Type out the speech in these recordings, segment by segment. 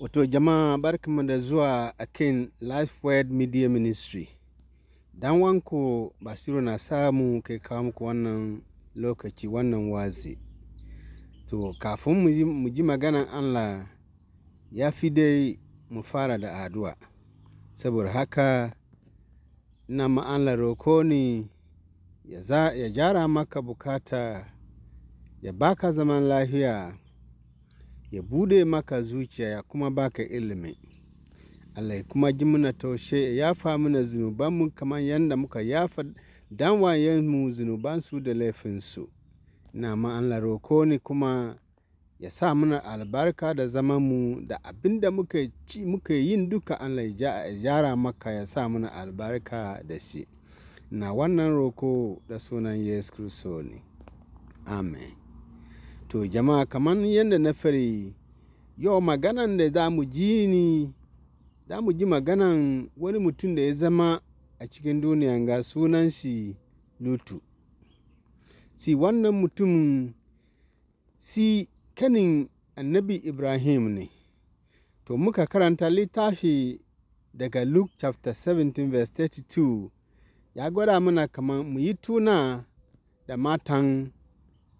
Wato jama'a barkanmu da zuwa a kan Lifeword Media Ministry. Dan wanku Basiru na samu kai kawo muku wannan lokaci wannan wazi. To, kafin mu ji maganan Allah ya fi dai mu fara da addu'a. Saboda haka, ina ma roko ne ya jara maka bukata, ya baka zaman lafiya. ya bude maka zuciya ya kuma baka ilimi Allah ya kuma ji muna taushe ya yafa mana zunubanmu kamar yadda muka yafa danwayenmu zunubansu da laifinsu na ma Allah roko ni kuma ya sa muna albarka da zamanmu da abin da muka ci muka yin duka Allah ya yara maka ya sa muna albarka da shi na wannan roko da sunan yesu kristo ne amen To jama'a kamar yadda na fari yau maganan da za mu ji ni, za mu ji maganan wani mutum da ya zama a cikin duniya ga sunan shi Lutu. Si wannan mutum si kanin annabi Ibrahim ne. To muka karanta littafi daga Luke chapter 17 verse 32 ya gwada mana kamar mu yi tuna da matan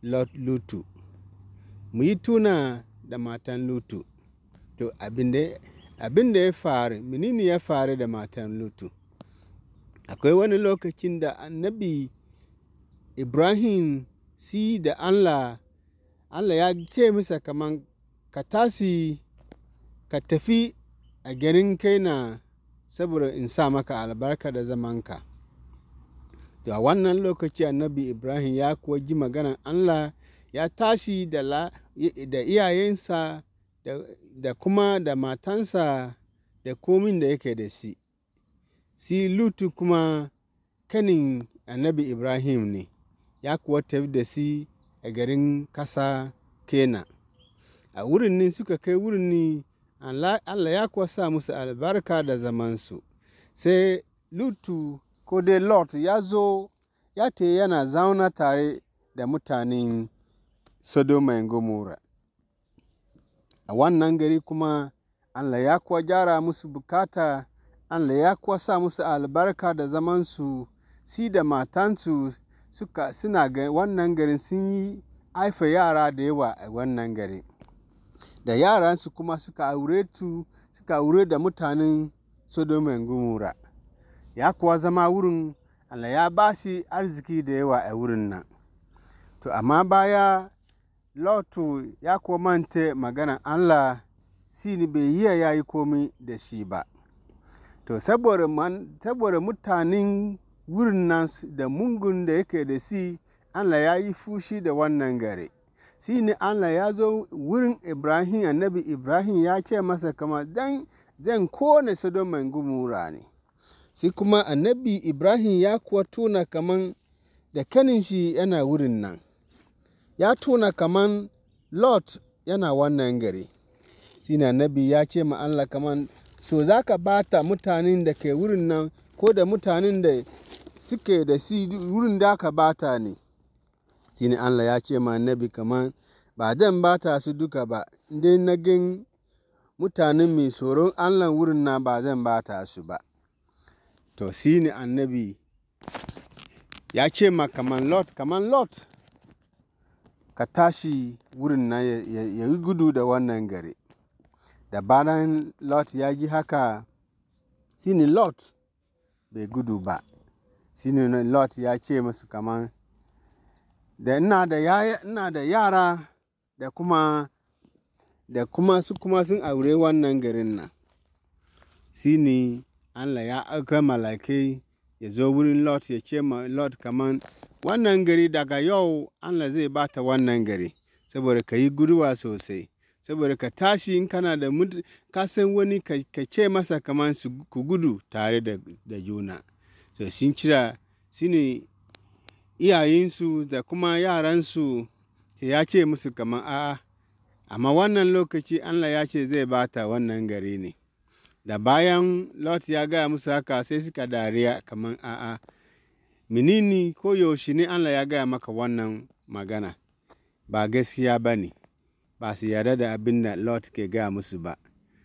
Lutu. mu yi tuna da matan Lutu. To abin da ya faru, menene ya faru da matan Lutu? Akwai wani lokacin da annabi Ibrahim si da Allah, Allah ya ce masa kaman ka tasi ka tafi a garin na, saboda in sa maka albarka da zamanka. To a wannan lokaci annabi Ibrahim ya kuwa ji maganan Allah ya tashi da iyayensa da kuma da matansa da komin da yake da si si Lutu kuma kanin annabi Ibrahim ne, ya kuwa tafi da si a garin kasa kena A wurin ne suka kai wurin ne Allah ya kuwa sa musu albarka da zamansu. Sai Lutu ko dai Lot ya zo ya te yana zauna tare da mutanen Sodoma and A wannan gari kuma Allah ya kuwa gyara musu bukata, Allah ya kuwa sa musu albarka da zamansu, si da matansu suka suna wannan garin sun yi haifa yara da yawa a wannan gari. Da yaransu kuma suka aure tu suka aure da mutanen Sodoma and Gomorrah. Ya kuwa zama wurin Allah ya ba arziki da yawa a wurin nan. To amma baya lotu ya kuwa manta maganar Allah, si ne bai iya ya yi komi da shi ba. To, saboda mutanen wurin nan da mungun da yake da shi, Allah ya yi fushi da wannan gari. Shi ne Allah ya zo wurin Ibrahim, annabi Ibrahim ya ce masa kama dan zan kone Sodoma gumura ne. Shi kuma annabi Ibrahim ya kuwa tuna kaman da kanin shi yana wurin nan. ya tuna kaman lot yana wannan gari Sina annabi ya ce ma allah kaman so za ka bata mutanen da ke wurin nan ko da mutanen da suke da si wurin da ka bata ne Sina allah ya ce ma annabi kaman ba zan bata su duka ba inda na gin mutanen mai tsoron allah wurin na ba zan bata su ba to shine annabi ya ce ma kaman lot kaman lot ka tashi wurin na ya yi gudu da wannan gari da bayan lot ya ji haka shine lot bai gudu ba shine lot ya ce masu kaman da ina da yara da kuma da kuma su kuma sun aure wannan garin nan shine Allah ya aka malakai ya zo wurin lot ya ce ma lot kaman wannan gari daga yau Allah zai bata wannan gari saboda ka yi guduwa sosai saboda ka tashi in kana da ka san wani ka ce masa kamar su ku gudu tare da juna so sun cira shine iyayensu da kuma yaransu ya ce musu kamar a'a amma wannan lokaci Allah ya ce zai bata wannan gari ne da bayan Lot ya gaya musu haka sai suka dariya kamar a'a menene koyaushe ne Allah ya gaya maka wannan magana ba gaskiya ba ne ba su yarda da abin da Lot ke gaya musu ba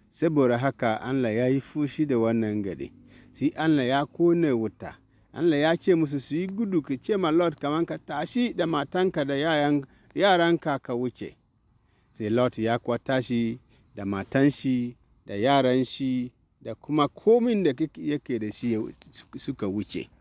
saboda haka Allah ya yi fushi da wannan gari sai Allah ya kone wuta Allah ya ce musu su yi gudu ka ce ma Lot kamar ka tashi da matanka da yaranka ka wuce sai Lot ya kuwa tashi da matan shi da yaran shi da kuma komin da yake da shi suka wuce